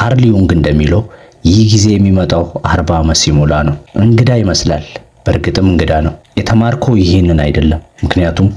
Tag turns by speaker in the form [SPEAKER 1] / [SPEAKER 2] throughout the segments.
[SPEAKER 1] ካርል ዩንግ እንደሚለው ይህ ጊዜ የሚመጣው አርባ ዓመት ሲሞላ ነው። እንግዳ ይመስላል። በእርግጥም እንግዳ ነው። የተማርከው ይህንን አይደለም። ምክንያቱም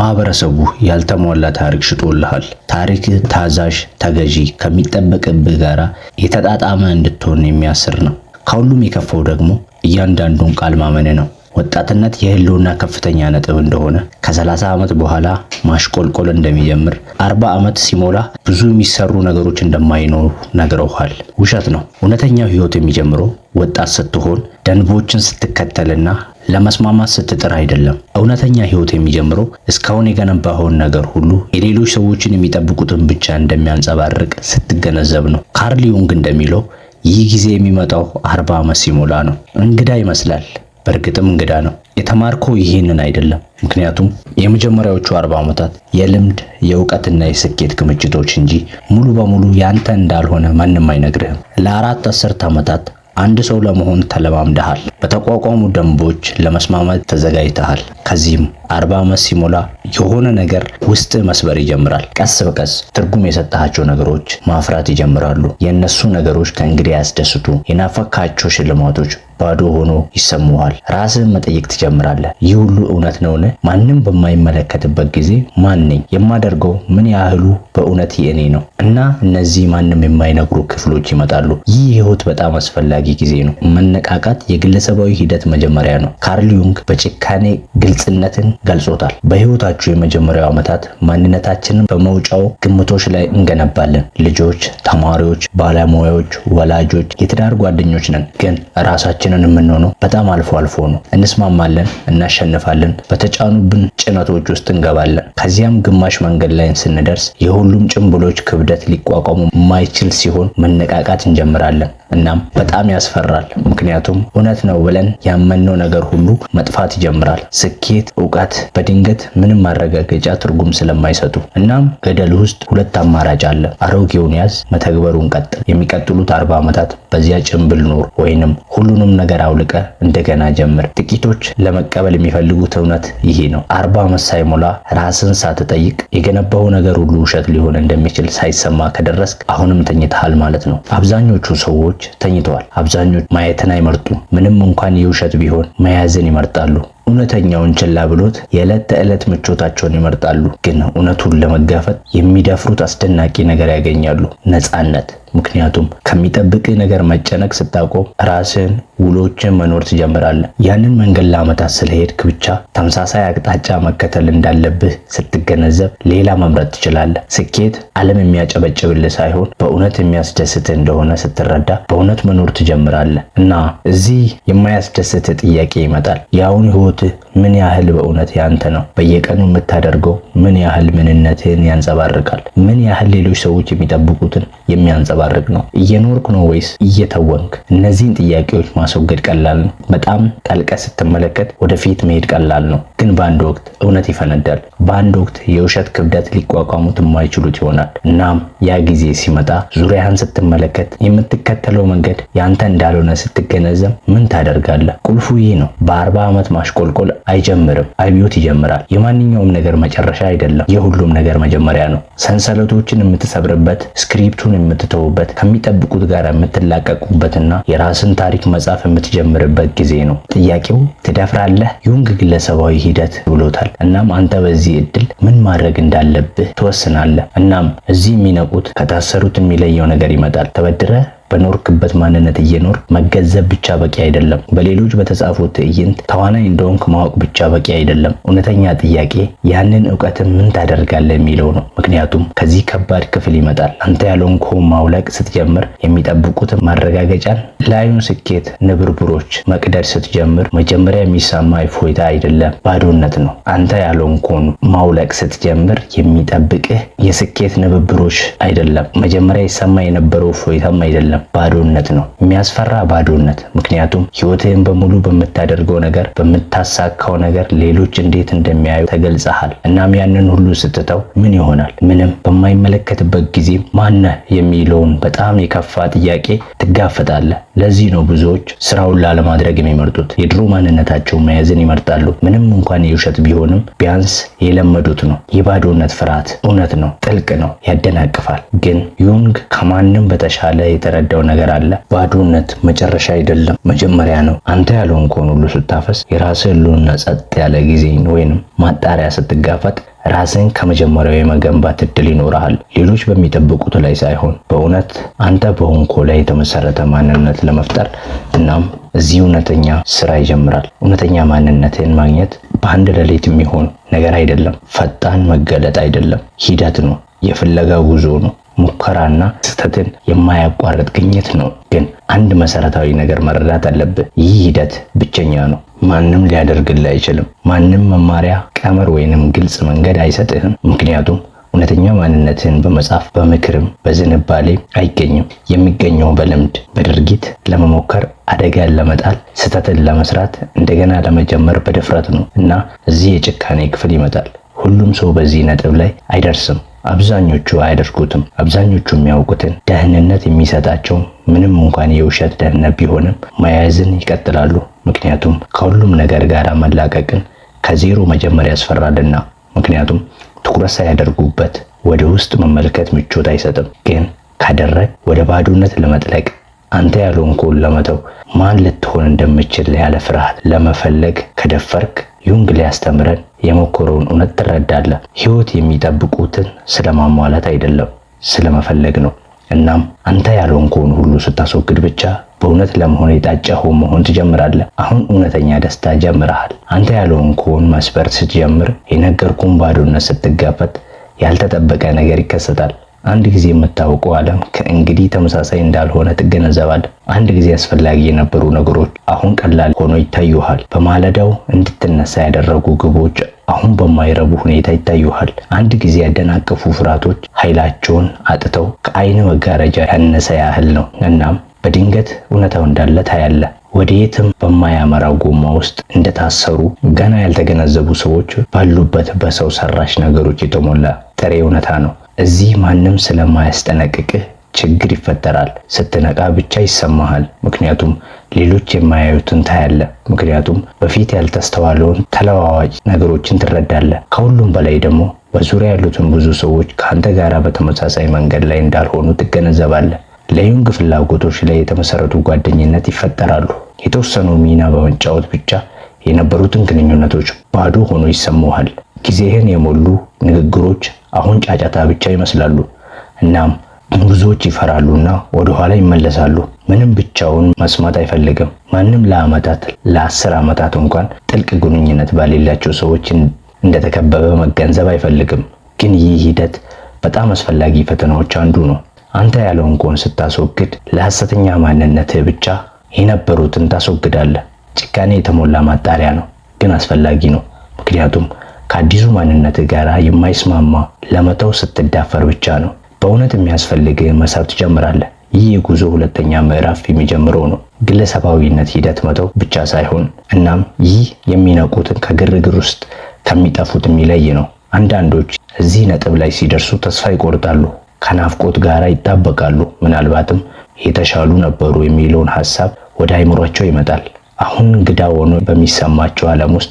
[SPEAKER 1] ማህበረሰቡ ያልተሟላ ታሪክ ሽጦልሃል። ታሪክ ታዛዥ፣ ተገዢ፣ ከሚጠበቅብህ ጋር የተጣጣመ እንድትሆን የሚያስር ነው። ከሁሉም የከፋው ደግሞ እያንዳንዱን ቃል ማመን ነው። ወጣትነት የህልውና ከፍተኛ ነጥብ እንደሆነ ከ30 ዓመት በኋላ ማሽቆልቆል እንደሚጀምር 40 ዓመት ሲሞላ ብዙ የሚሰሩ ነገሮች እንደማይኖሩ ነግረውሃል። ውሸት ነው። እውነተኛው ህይወት የሚጀምረው ወጣት ስትሆን ደንቦችን ስትከተልና ለመስማማት ስትጥር አይደለም። እውነተኛ ህይወት የሚጀምረው እስካሁን የገነባኸውን ነገር ሁሉ የሌሎች ሰዎችን የሚጠብቁትን ብቻ እንደሚያንጸባርቅ ስትገነዘብ ነው። ካርል ዩንግ እንደሚለው ይህ ጊዜ የሚመጣው አርባ ዓመት ሲሞላ ነው። እንግዳ ይመስላል በእርግጥም እንግዳ ነው። የተማርከው ይህንን አይደለም። ምክንያቱም የመጀመሪያዎቹ አርባ ዓመታት የልምድ የእውቀትና የስኬት ክምችቶች እንጂ ሙሉ በሙሉ ያንተ እንዳልሆነ ማንም አይነግርህም። ለአራት አስርት ዓመታት አንድ ሰው ለመሆን ተለማምደሃል። በተቋቋሙ ደንቦች ለመስማማት ተዘጋጅተሃል። ከዚህም አርባ ዓመት ሲሞላ የሆነ ነገር ውስጥ መስበር ይጀምራል። ቀስ በቀስ ትርጉም የሰጣቸው ነገሮች ማፍራት ይጀምራሉ። የእነሱ ነገሮች ከእንግዲህ ያስደስቱ። የናፈካቸው ሽልማቶች ባዶ ሆኖ ይሰማዋል። ራስህን መጠየቅ ትጀምራለህ። ይህ ሁሉ እውነት ነውን? ማንም በማይመለከትበት ጊዜ ማን ነኝ? የማደርገው ምን ያህሉ በእውነት የእኔ ነው? እና እነዚህ ማንም የማይነግሩ ክፍሎች ይመጣሉ። ይህ የህይወት በጣም አስፈላጊ ጊዜ ነው። መነቃቃት የግለሰባዊ ሂደት መጀመሪያ ነው። ካርል ዩንግ በጭካኔ ግልጽነትን ገልጾታል። በህይወታችሁ የመጀመሪያው ዓመታት ማንነታችንን በመውጫው ግምቶች ላይ እንገነባለን። ልጆች፣ ተማሪዎች፣ ባለሙያዎች፣ ወላጆች፣ የትዳር ጓደኞች ነን። ግን ራሳችን ብቻችንን የምንሆነው በጣም አልፎ አልፎ ነው። እንስማማለን፣ እናሸንፋለን፣ በተጫኑብን ጭነቶች ውስጥ እንገባለን። ከዚያም ግማሽ መንገድ ላይ ስንደርስ የሁሉም ጭንብሎች ክብደት ሊቋቋሙ ማይችል ሲሆን መነቃቃት እንጀምራለን። እናም በጣም ያስፈራል። ምክንያቱም እውነት ነው ብለን ያመንነው ነገር ሁሉ መጥፋት ይጀምራል። ስኬት፣ እውቀት በድንገት ምንም ማረጋገጫ ትርጉም ስለማይሰጡ እናም ገደል ውስጥ ሁለት አማራጭ አለ። አሮጌውን ያዝ፣ መተግበሩን ቀጥል። የሚቀጥሉት አርባ ዓመታት በዚያ ጭንብል ኖር፣ ወይንም ሁሉንም ነገር አውልቀ እንደገና ጀምር። ጥቂቶች ለመቀበል የሚፈልጉት እውነት ይሄ ነው። አርባ ዓመት ሳይሞላ ራስን ሳትጠይቅ የገነባው ነገር ሁሉ ውሸት ሊሆን እንደሚችል ሳይሰማ ከደረስክ አሁንም ተኝተሃል ማለት ነው። አብዛኞቹ ሰዎች ተኝተዋል። አብዛኞቹ ማየትን አይመርጡም። ምንም እንኳን የውሸት ቢሆን መያዝን ይመርጣሉ። እውነተኛውን ችላ ብሎት የዕለት ተዕለት ምቾታቸውን ይመርጣሉ። ግን እውነቱን ለመጋፈጥ የሚደፍሩት አስደናቂ ነገር ያገኛሉ፣ ነፃነት። ምክንያቱም ከሚጠብቅህ ነገር መጨነቅ ስታቆም ራስህን፣ ውሎችን መኖር ትጀምራለህ። ያንን መንገድ ለዓመታት ስለሄድክ ብቻ ተመሳሳይ አቅጣጫ መከተል እንዳለብህ ስትገነዘብ ሌላ መምረጥ ትችላለህ። ስኬት ዓለም የሚያጨበጭብልህ ሳይሆን በእውነት የሚያስደስትህ እንደሆነ ስትረዳ በእውነት መኖር ትጀምራለህ። እና እዚህ የማያስደስትህ ጥያቄ ይመጣል። የአሁን ህይወት ህይወትህ ምን ያህል በእውነት ያንተ ነው? በየቀኑ የምታደርገው ምን ያህል ምንነትህን ያንጸባርቃል? ምን ያህል ሌሎች ሰዎች የሚጠብቁትን የሚያንጸባርቅ ነው? እየኖርክ ነው ወይስ እየተወንክ? እነዚህን ጥያቄዎች ማስወገድ ቀላል ነው። በጣም ጠልቀ ስትመለከት ወደፊት መሄድ ቀላል ነው፣ ግን በአንድ ወቅት እውነት ይፈነዳል። በአንድ ወቅት የውሸት ክብደት ሊቋቋሙት የማይችሉት ይሆናል። እናም ያ ጊዜ ሲመጣ ዙሪያህን ስትመለከት የምትከተለው መንገድ ያንተ እንዳልሆነ ስትገነዘብ ምን ታደርጋለህ? ቁልፉ ይህ ነው። በአርባ ዓመት ማሽቆ ማሽቆልቆል አይጀምርም፣ አብዮት ይጀምራል። የማንኛውም ነገር መጨረሻ አይደለም፣ የሁሉም ነገር መጀመሪያ ነው። ሰንሰለቶችን የምትሰብርበት፣ ስክሪፕቱን የምትተውበት፣ ከሚጠብቁት ጋር የምትላቀቁበትና የራስን ታሪክ መጻፍ የምትጀምርበት ጊዜ ነው። ጥያቄው ትደፍራለህ? ዩንግ ግለሰባዊ ሂደት ብሎታል። እናም አንተ በዚህ እድል ምን ማድረግ እንዳለብህ ትወስናለህ። እናም እዚህ የሚነቁት ከታሰሩት የሚለየው ነገር ይመጣል። ተበድረ በኖርክበት ማንነት እየኖር መገንዘብ ብቻ በቂ አይደለም። በሌሎች በተጻፉ ትዕይንት ተዋናይ እንደሆንክ ማወቅ ብቻ በቂ አይደለም። እውነተኛ ጥያቄ ያንን እውቀትን ምን ታደርጋለህ የሚለው ነው። ምክንያቱም ከዚህ ከባድ ክፍል ይመጣል። አንተ ያልሆንክህን ማውለቅ ስትጀምር የሚጠብቁት ማረጋገጫን ላዩን ስኬት ንብርብሮች መቅደድ ስትጀምር መጀመሪያ የሚሰማ እፎይታ አይደለም፣ ባዶነት ነው። አንተ ያልሆንክህን ማውለቅ ስትጀምር የሚጠብቅህ የስኬት ንብብሮች አይደለም፣ መጀመሪያ ይሰማ የነበረው እፎይታም አይደለም። ባዶነት ነው፣ የሚያስፈራ ባዶነት። ምክንያቱም ህይወትህን በሙሉ በምታደርገው ነገር፣ በምታሳካው ነገር ሌሎች እንዴት እንደሚያዩ ተገልጸሃል። እናም ያንን ሁሉ ስትተው ምን ይሆናል? ምንም በማይመለከትበት ጊዜ ማነህ የሚለውን በጣም የከፋ ጥያቄ ትጋፈጣለህ። ለዚህ ነው ብዙዎች ስራውን ላለማድረግ የሚመርጡት። የድሮ ማንነታቸውን መያዝን ይመርጣሉ። ምንም እንኳን የውሸት ቢሆንም ቢያንስ የለመዱት ነው። የባዶነት ፍርሃት እውነት ነው፣ ጥልቅ ነው፣ ያደናቅፋል። ግን ዩንግ ከማንም በተሻለ የተረዳ የምረዳው ነገር አለ። ባዶነት መጨረሻ አይደለም መጀመሪያ ነው። አንተ ያልሆንከውን ሁሉ ስታፈስ የራስህ ህልውና ጸጥ ያለ ጊዜን ወይንም ማጣሪያ ስትጋፈጥ ራስን ከመጀመሪያው የመገንባት እድል ይኖርሃል። ሌሎች በሚጠብቁት ላይ ሳይሆን በእውነት አንተ በሆንኮ ላይ የተመሰረተ ማንነት ለመፍጠር እናም እዚህ እውነተኛ ስራ ይጀምራል። እውነተኛ ማንነትን ማግኘት በአንድ ሌሊት የሚሆን ነገር አይደለም። ፈጣን መገለጥ አይደለም። ሂደት ነው። የፍለጋ ጉዞ ነው። ሙከራና ስህተትን የማያቋርጥ ግኝት ነው። ግን አንድ መሰረታዊ ነገር መረዳት አለብህ። ይህ ሂደት ብቸኛ ነው። ማንም ሊያደርግልህ አይችልም። ማንም መማሪያ ቀመር ወይንም ግልጽ መንገድ አይሰጥህም። ምክንያቱም እውነተኛ ማንነትህን በመጻፍ በምክርም በዝንባሌ አይገኝም። የሚገኘው በልምድ በድርጊት ለመሞከር አደጋን ለመጣል ስህተትን ለመስራት እንደገና ለመጀመር በድፍረት ነው እና እዚህ የጭካኔ ክፍል ይመጣል። ሁሉም ሰው በዚህ ነጥብ ላይ አይደርስም። አብዛኞቹ አያደርጉትም። አብዛኞቹ የሚያውቁትን ደህንነት የሚሰጣቸው ምንም እንኳን የውሸት ደህንነት ቢሆንም መያዝን ይቀጥላሉ። ምክንያቱም ከሁሉም ነገር ጋር መላቀቅን ከዜሮ መጀመር ያስፈራልና። ምክንያቱም ትኩረት ሳያደርጉበት ወደ ውስጥ መመልከት ምቾት አይሰጥም። ግን ካደረግ ወደ ባዶነት ለመጥለቅ አንተ ያልሆንኩን ለመተው ማን ልትሆን እንደምችል ያለ ፍርሃት ለመፈለግ ከደፈርክ ዩንግ ሊያስተምረን የሞከረውን እውነት ትረዳለህ። ህይወት የሚጠብቁትን ስለማሟላት አይደለም ስለመፈለግ ነው። እናም አንተ ያልሆንከውን ሁሉ ስታስወግድ ብቻ በእውነት ለመሆን የታጨኸው መሆን ትጀምራለህ። አሁን እውነተኛ ደስታ ጀምረሃል። አንተ ያልሆንከውን መስበር ስትጀምር፣ የነገርኩን ባዶነት ስትጋፈጥ፣ ያልተጠበቀ ነገር ይከሰታል። አንድ ጊዜ የምታውቀው ዓለም ከእንግዲህ ተመሳሳይ እንዳልሆነ ትገነዘባል። አንድ ጊዜ አስፈላጊ የነበሩ ነገሮች አሁን ቀላል ሆኖ ይታዩሃል። በማለዳው እንድትነሳ ያደረጉ ግቦች አሁን በማይረቡ ሁኔታ ይታዩሃል። አንድ ጊዜ ያደናቀፉ ፍርሃቶች ኃይላቸውን አጥተው ከአይን መጋረጃ ያነሰ ያህል ነው። እናም በድንገት እውነታው እንዳለ ታያለ። ወደ የትም በማያመራው ጎማ ውስጥ እንደታሰሩ ገና ያልተገነዘቡ ሰዎች ባሉበት በሰው ሰራሽ ነገሮች የተሞላ ጥሬ እውነታ ነው። እዚህ ማንም ስለማያስጠነቅቅህ ችግር ይፈጠራል። ስትነቃ ብቻ ይሰማሃል። ምክንያቱም ሌሎች የማያዩትን ታያለ። ምክንያቱም በፊት ያልተስተዋለውን ተለዋዋጭ ነገሮችን ትረዳለ። ከሁሉም በላይ ደግሞ በዙሪያ ያሉትን ብዙ ሰዎች ከአንተ ጋር በተመሳሳይ መንገድ ላይ እንዳልሆኑ ትገነዘባለ። ለዩንግ ፍላጎቶች ላይ የተመሰረቱ ጓደኝነት ይፈጠራሉ። የተወሰኑ ሚና በመጫወት ብቻ የነበሩትን ግንኙነቶች ባዶ ሆኖ ይሰማሃል። ጊዜህን የሞሉ ንግግሮች አሁን ጫጫታ ብቻ ይመስላሉ። እናም ብዙዎች ይፈራሉና ወደኋላ ይመለሳሉ። ምንም ብቻውን መስማት አይፈልግም። ማንም ለአመታት ለአስር ዓመታት እንኳን ጥልቅ ግንኙነት በሌላቸው ሰዎች እንደተከበበ መገንዘብ አይፈልግም። ግን ይህ ሂደት በጣም አስፈላጊ ፈተናዎች አንዱ ነው። አንተ ያለውን ጎን ስታስወግድ ለሐሰተኛ ማንነትህ ብቻ የነበሩትን ታስወግዳለህ። ጭካኔ የተሞላ ማጣሪያ ነው፣ ግን አስፈላጊ ነው። ምክንያቱም ከአዲሱ ማንነት ጋር የማይስማማ ለመተው ስትዳፈር ብቻ ነው በእውነት የሚያስፈልግ መሳብ ትጀምራለህ። ይህ የጉዞ ሁለተኛ ምዕራፍ የሚጀምረው ነው። ግለሰባዊነት ሂደት መተው ብቻ ሳይሆን እናም ይህ የሚነቁትን ከግርግር ውስጥ ከሚጠፉት የሚለይ ነው። አንዳንዶች እዚህ ነጥብ ላይ ሲደርሱ ተስፋ ይቆርጣሉ፣ ከናፍቆት ጋር ይጣበቃሉ፣ ምናልባትም የተሻሉ ነበሩ የሚለውን ሀሳብ ወደ አይምሯቸው ይመጣል። አሁን እንግዳ ሆኖ በሚሰማቸው ዓለም ውስጥ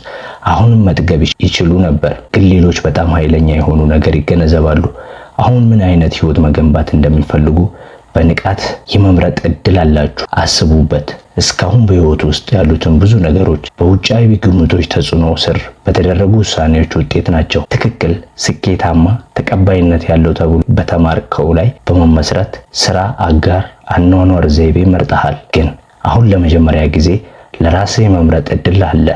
[SPEAKER 1] አሁንም መጥገብ ይችሉ ነበር። ግን ሌሎች በጣም ኃይለኛ የሆኑ ነገር ይገነዘባሉ። አሁን ምን አይነት ህይወት መገንባት እንደሚፈልጉ በንቃት የመምረጥ እድል አላችሁ። አስቡበት። እስካሁን በህይወት ውስጥ ያሉትን ብዙ ነገሮች በውጫዊ ግምቶች ተጽዕኖ ስር በተደረጉ ውሳኔዎች ውጤት ናቸው። ትክክል፣ ስኬታማ፣ ተቀባይነት ያለው ተብሎ በተማርከው ላይ በመመስረት ስራ፣ አጋር፣ አኗኗር ዘይቤ መርጠሃል። ግን አሁን ለመጀመሪያ ጊዜ ለራስህ የመምረጥ እድል አለ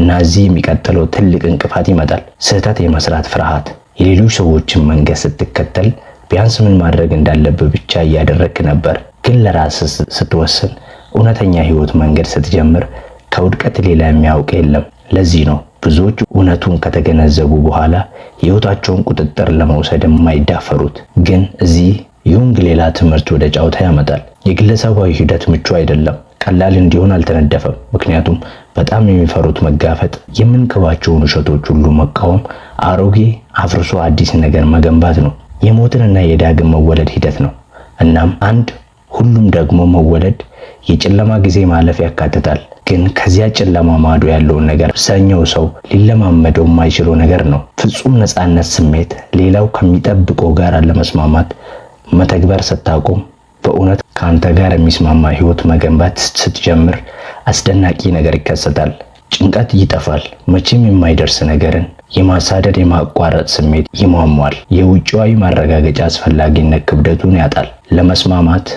[SPEAKER 1] እና እዚህ የሚቀጥለው ትልቅ እንቅፋት ይመጣል። ስህተት የመስራት ፍርሃት። የሌሎች ሰዎችን መንገድ ስትከተል ቢያንስ ምን ማድረግ እንዳለብህ ብቻ እያደረግክ ነበር። ግን ለራስህ ስትወስን፣ እውነተኛ ህይወት መንገድ ስትጀምር ከውድቀት ሌላ የሚያውቅ የለም። ለዚህ ነው ብዙዎች እውነቱን ከተገነዘቡ በኋላ የህይወታቸውን ቁጥጥር ለመውሰድ የማይዳፈሩት። ግን እዚህ ዩንግ ሌላ ትምህርት ወደ ጨዋታ ያመጣል። የግለሰባዊ ሂደት ምቹ አይደለም፣ ቀላል እንዲሆን አልተነደፈም። ምክንያቱም በጣም የሚፈሩት መጋፈጥ፣ የምንክባቸውን ውሸቶች ሁሉ መቃወም፣ አሮጌ አፍርሶ አዲስ ነገር መገንባት ነው። የሞትንና የዳግም መወለድ ሂደት ነው። እናም አንድ ሁሉም ደግሞ መወለድ የጨለማ ጊዜ ማለፍ ያካትታል። ግን ከዚያ ጨለማ ማዶ ያለውን ነገር አብዛኛው ሰው ሊለማመደው የማይችለው ነገር ነው። ፍጹም ነፃነት ስሜት፣ ሌላው ከሚጠብቀው ጋር ለመስማማት መተግበር ስታቆም በእውነት ከአንተ ጋር የሚስማማ ህይወት መገንባት ስትጀምር አስደናቂ ነገር ይከሰታል። ጭንቀት ይጠፋል። መቼም የማይደርስ ነገርን የማሳደድ የማቋረጥ ስሜት ይሟሟል። የውጫዊ ማረጋገጫ አስፈላጊነት ክብደቱን ያጣል። ለመስማማት፣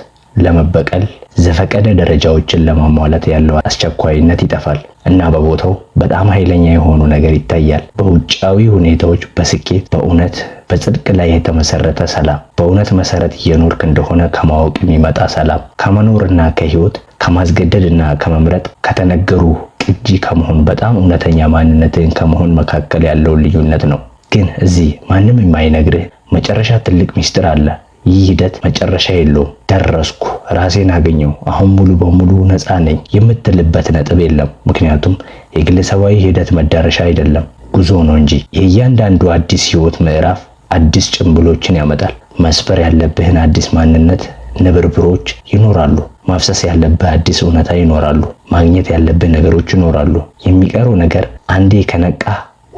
[SPEAKER 1] ለመበቀል ዘፈቀደ ደረጃዎችን ለማሟላት ያለው አስቸኳይነት ይጠፋል እና በቦታው በጣም ኃይለኛ የሆኑ ነገር ይታያል። በውጫዊ ሁኔታዎች፣ በስኬት፣ በእውነት፣ በጽድቅ ላይ የተመሰረተ ሰላም፣ በእውነት መሰረት እየኖርክ እንደሆነ ከማወቅ የሚመጣ ሰላም፣ ከመኖርና ከህይወት፣ ከማስገደድና ከመምረጥ፣ ከተነገሩ ቅጂ ከመሆን በጣም እውነተኛ ማንነትን ከመሆን መካከል ያለውን ልዩነት ነው። ግን እዚህ ማንም የማይነግርህ መጨረሻ ትልቅ ሚስጥር አለ። ይህ ሂደት መጨረሻ የለውም። ደረስኩ ራሴን አገኘው፣ አሁን ሙሉ በሙሉ ነፃ ነኝ የምትልበት ነጥብ የለም። ምክንያቱም የግለሰባዊ ሂደት መዳረሻ አይደለም፣ ጉዞ ነው እንጂ። የእያንዳንዱ አዲስ ህይወት ምዕራፍ አዲስ ጭምብሎችን ያመጣል። መስበር ያለብህን አዲስ ማንነት ንብርብሮች ይኖራሉ። ማፍሰስ ያለብህ አዲስ እውነታ ይኖራሉ። ማግኘት ያለብህ ነገሮች ይኖራሉ። የሚቀረው ነገር አንዴ ከነቃ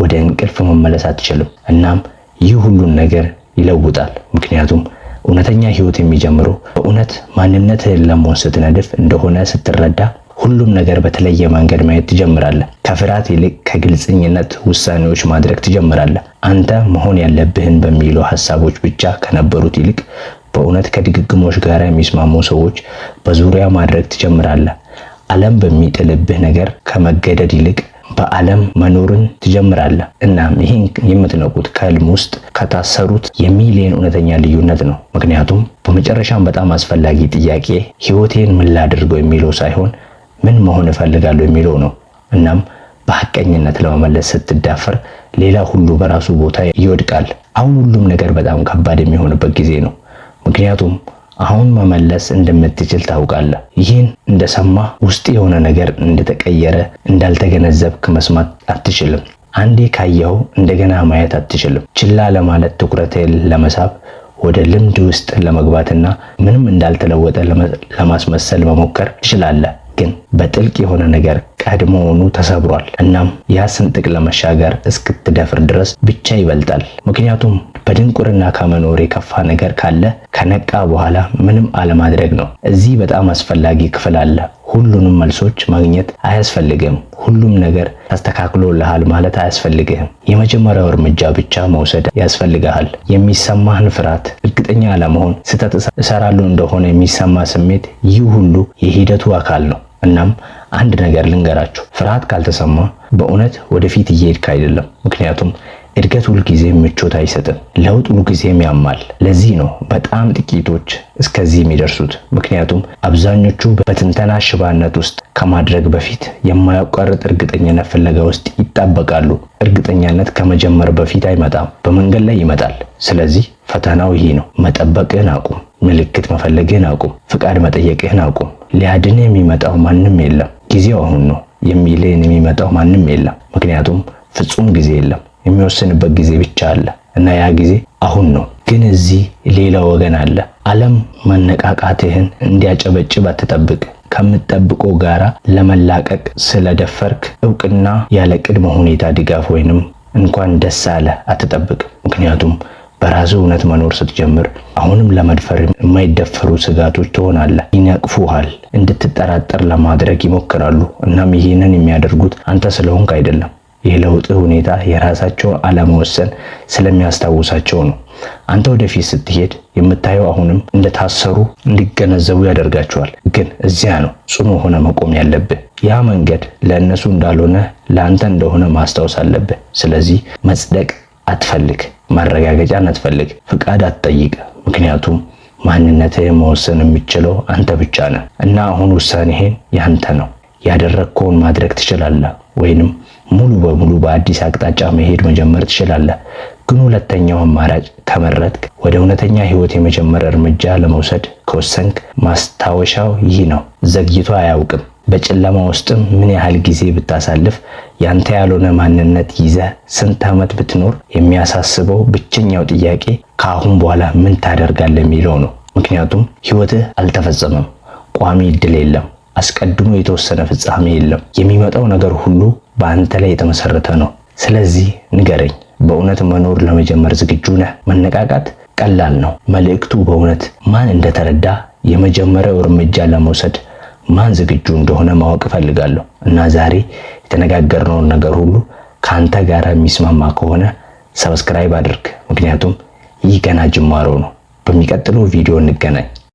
[SPEAKER 1] ወደ እንቅልፍ መመለስ አትችልም። እናም ይህ ሁሉን ነገር ይለውጣል። ምክንያቱም እውነተኛ ህይወት የሚጀምረው በእውነት ማንነትህን ለመሆን ስትነድፍ እንደሆነ ስትረዳ ሁሉም ነገር በተለየ መንገድ ማየት ትጀምራለህ። ከፍርሃት ይልቅ ከግልጽኝነት ውሳኔዎች ማድረግ ትጀምራለህ። አንተ መሆን ያለብህን በሚሉ ሀሳቦች ብቻ ከነበሩት ይልቅ በእውነት ከድግግሞች ጋር የሚስማሙ ሰዎች በዙሪያ ማድረግ ትጀምራለህ። ዓለም በሚጥልብህ ነገር ከመገደድ ይልቅ በዓለም መኖርን ትጀምራለህ። እናም ይህን የምትነቁት ከህልም ውስጥ ከታሰሩት የሚሊዮን እውነተኛ ልዩነት ነው። ምክንያቱም በመጨረሻም በጣም አስፈላጊ ጥያቄ ህይወቴን ምን ላድርገው የሚለው ሳይሆን ምን መሆን እፈልጋለሁ የሚለው ነው። እናም በሐቀኝነት ለመመለስ ስትዳፈር ሌላ ሁሉ በራሱ ቦታ ይወድቃል። አሁን ሁሉም ነገር በጣም ከባድ የሚሆንበት ጊዜ ነው። ምክንያቱም አሁን መመለስ እንደምትችል ታውቃለህ። ይህን እንደሰማ ውስጥ የሆነ ነገር እንደተቀየረ እንዳልተገነዘብክ መስማት አትችልም። አንዴ ካየኸው እንደገና ማየት አትችልም። ችላ ለማለት ትኩረትን ለመሳብ ወደ ልምድ ውስጥ ለመግባትና ምንም እንዳልተለወጠ ለማስመሰል መሞከር ትችላለህ። ግን በጥልቅ የሆነ ነገር ቀድሞውኑ ተሰብሯል። እናም ያ ስንጥቅ ለመሻገር እስክትደፍር ድረስ ብቻ ይበልጣል። ምክንያቱም በድንቁርና ከመኖር የከፋ ነገር ካለ ከነቃ በኋላ ምንም አለማድረግ ነው። እዚህ በጣም አስፈላጊ ክፍል አለ። ሁሉንም መልሶች ማግኘት አያስፈልግም። ሁሉም ነገር ተስተካክሎልሃል ማለት አያስፈልግህም። የመጀመሪያው እርምጃ ብቻ መውሰድ ያስፈልግሃል። የሚሰማህን ፍርሃት፣ እርግጠኛ ለመሆን ስህተት እሰራለሁ እንደሆነ የሚሰማ ስሜት፣ ይህ ሁሉ የሂደቱ አካል ነው። እናም አንድ ነገር ልንገራችሁ፣ ፍርሃት ካልተሰማ በእውነት ወደፊት እየሄድክ አይደለም። ምክንያቱም እድገት ሁልጊዜ ምቾት አይሰጥም። ለውጥ ሁልጊዜም ያማል። ለዚህ ነው በጣም ጥቂቶች እስከዚህ የሚደርሱት። ምክንያቱም አብዛኞቹ በትንተና ሽባነት ውስጥ ከማድረግ በፊት የማያቋርጥ እርግጠኝነት ፍለጋ ውስጥ ይጣበቃሉ። እርግጠኛነት ከመጀመር በፊት አይመጣም፣ በመንገድ ላይ ይመጣል። ስለዚህ ፈተናው ይሄ ነው። መጠበቅህን አቁም። ምልክት መፈለግህን አቁም። ፍቃድ መጠየቅህን አቁም። ሊያድን የሚመጣው ማንም የለም። ጊዜው አሁን ነው የሚልህን የሚመጣው ማንም የለም። ምክንያቱም ፍጹም ጊዜ የለም። የሚወስንበት ጊዜ ብቻ አለ እና ያ ጊዜ አሁን ነው። ግን እዚህ ሌላ ወገን አለ። ዓለም መነቃቃትህን እንዲያጨበጭብ አትጠብቅ። ከምጠብቆ ጋራ ለመላቀቅ ስለደፈርክ እውቅና ያለ ቅድመ ሁኔታ ድጋፍ ወይንም እንኳን ደስ አለ አትጠብቅ። ምክንያቱም በራስ እውነት መኖር ስትጀምር አሁንም ለመድፈር የማይደፈሩ ስጋቶች ትሆናለህ። ይነቅፉሃል፣ እንድትጠራጠር ለማድረግ ይሞክራሉ። እናም ይህንን የሚያደርጉት አንተ ስለሆንክ አይደለም። የለውጥ ሁኔታ የራሳቸው አለመወሰን ስለሚያስታውሳቸው ነው። አንተ ወደፊት ስትሄድ የምታየው አሁንም እንደታሰሩ እንዲገነዘቡ ያደርጋቸዋል። ግን እዚያ ነው ጽኑ ሆነ መቆም ያለብህ። ያ መንገድ ለእነሱ እንዳልሆነ ለአንተ እንደሆነ ማስታወስ አለብህ። ስለዚህ መጽደቅ አትፈልግ፣ ማረጋገጫን አትፈልግ፣ ፍቃድ አትጠይቅ። ምክንያቱም ማንነት መወሰን የሚችለው አንተ ብቻ ነህ እና አሁን ውሳኔህን ያንተ ነው። ያደረግከውን ማድረግ ትችላለህ ወይንም ሙሉ በሙሉ በአዲስ አቅጣጫ መሄድ መጀመር ትችላለህ። ግን ሁለተኛው አማራጭ ከመረጥክ ወደ እውነተኛ ህይወት የመጀመር እርምጃ ለመውሰድ ከወሰንክ ማስታወሻው ይህ ነው፣ ዘግይቶ አያውቅም። በጨለማ ውስጥም ምን ያህል ጊዜ ብታሳልፍ፣ ያንተ ያልሆነ ማንነት ይዘ ስንት ዓመት ብትኖር፣ የሚያሳስበው ብቸኛው ጥያቄ ከአሁን በኋላ ምን ታደርጋለህ የሚለው ነው። ምክንያቱም ህይወትህ አልተፈጸመም፣ ቋሚ እድል የለም። አስቀድሞ የተወሰነ ፍጻሜ የለም። የሚመጣው ነገር ሁሉ በአንተ ላይ የተመሰረተ ነው። ስለዚህ ንገረኝ፣ በእውነት መኖር ለመጀመር ዝግጁ ነህ? መነቃቃት ቀላል ነው። መልእክቱ በእውነት ማን እንደተረዳ የመጀመሪያው እርምጃ ለመውሰድ ማን ዝግጁ እንደሆነ ማወቅ እፈልጋለሁ እና ዛሬ የተነጋገርነውን ነገር ሁሉ ከአንተ ጋር የሚስማማ ከሆነ ሰብስክራይብ አድርግ፣ ምክንያቱም ይህ ገና ጅማሮ ነው። በሚቀጥለው ቪዲዮ እንገናኝ።